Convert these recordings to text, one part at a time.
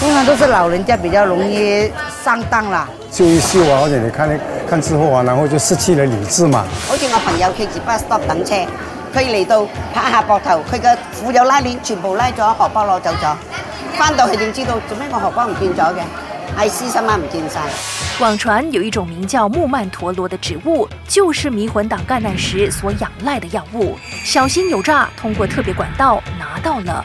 通常都是老人家比較容易上當啦，嗅一嗅啊，或者你看，看之後啊，然後就失去了理智嘛。好似我朋友可以去巴士站等車，佢嚟到拍下膊頭，佢嘅褲有拉鏈，全部拉咗，荷包攞走咗。翻到去先知道，做咩我荷包唔見咗嘅？係私生啊，唔見晒。網傳有一種名叫木曼陀羅嘅植物，就是迷魂黨幹案時所仰賴嘅藥物。小心有詐，通過特別管道拿到了。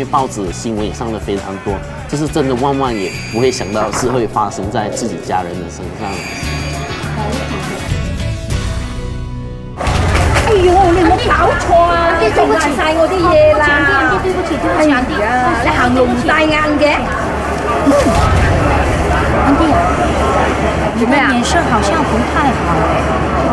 因為報紙新聞也上得非常多，這是真的萬萬也不會想到，是會發生在自己家人的身上。哎呦，你有冇搞錯啊，你撞爛晒我啲嘢啦！對不起，對不起，對不起，你行路唔帶眼嘅。安迪、啊，你們臉色好像不太好。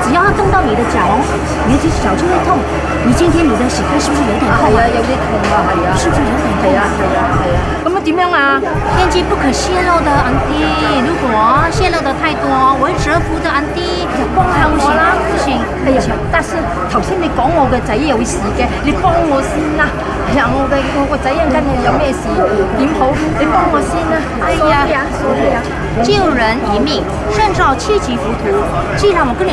只要他動到你的腳，你的腳就會痛。你今天你的膝蓋是不是有點痛啊？有啲痛啊，是不是有點痛啊？係啊，係啊。咁啊點樣啊？天機不可泄露的，安迪。如果泄露得太多，我會折福的，安迪。不行啊，不行。非常。但是頭先你講我嘅仔有事嘅，你幫我先啦。哎呀，我嘅我個仔跟有咩事點好？你幫我先啦。哎呀，救人一命勝造七級浮屠。既然我跟你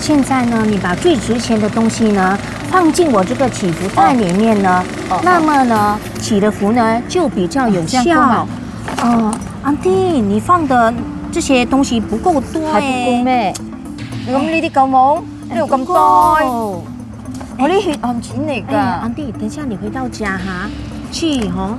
現在呢，你把最值錢的東西呢放進我這個祈福袋裏面呢，哦哦、那麼呢，祈的福呢就比較有效。哦，安迪，你放的這些東西不夠多還不夠咩？咁呢啲夠冇？你有咁多？欸，我錢的我唔知，那個安迪，等一下你回到家哈，去哈。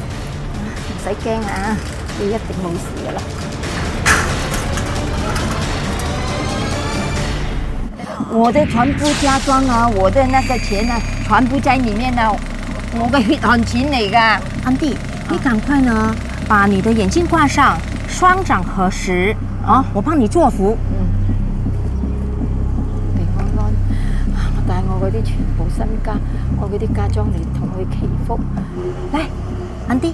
唔使驚啊，你一定冇事嘅啦。我的全部家裝啊，我的那個錢啊，全部在裏面啦，啊，我嘅血汗錢嚟㗎。安迪弟，啊、你趕快呢，把你的眼睛掛上，雙掌合十啊，我幫你作福。嗯。平安安，我帶我嗰啲全部身家，我嗰啲家裝嚟同佢祈福。嚟，安迪。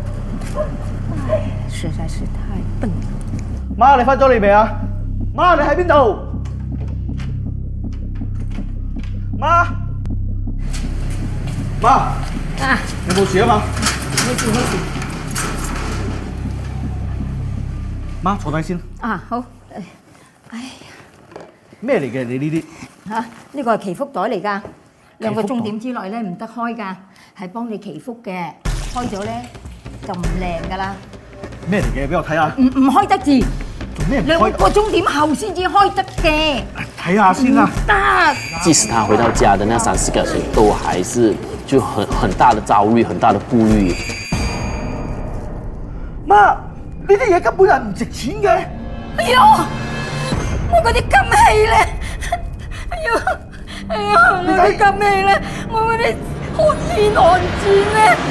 實在是太笨啦！媽，你翻咗嚟未啊？媽，你喺邊度？媽，媽，你冇事啊嘛？冇事冇事。媽，坐低先。啊好。哎呀，咩嚟嘅？你呢啲？吓，呢個係祈福袋嚟噶，兩個鐘點之內咧唔得開噶，係幫你祈福嘅，開咗咧就唔靚噶啦。咩嚟嘅？俾我睇下，啊。唔唔，嗯、開得字。做咩？兩個鐘點後先至開得嘅。睇下先啦，啊。得打。啊，即使他回到家的那三四個小時，都還是就很很大的焦慮，很大的顧慮。媽，呢啲嘢根本係唔值錢嘅。哎。哎呀，哎哎，我嗰啲金器咧，哎呀，哎呀，你睇金器咧，我嗰啲好錢難錢咧。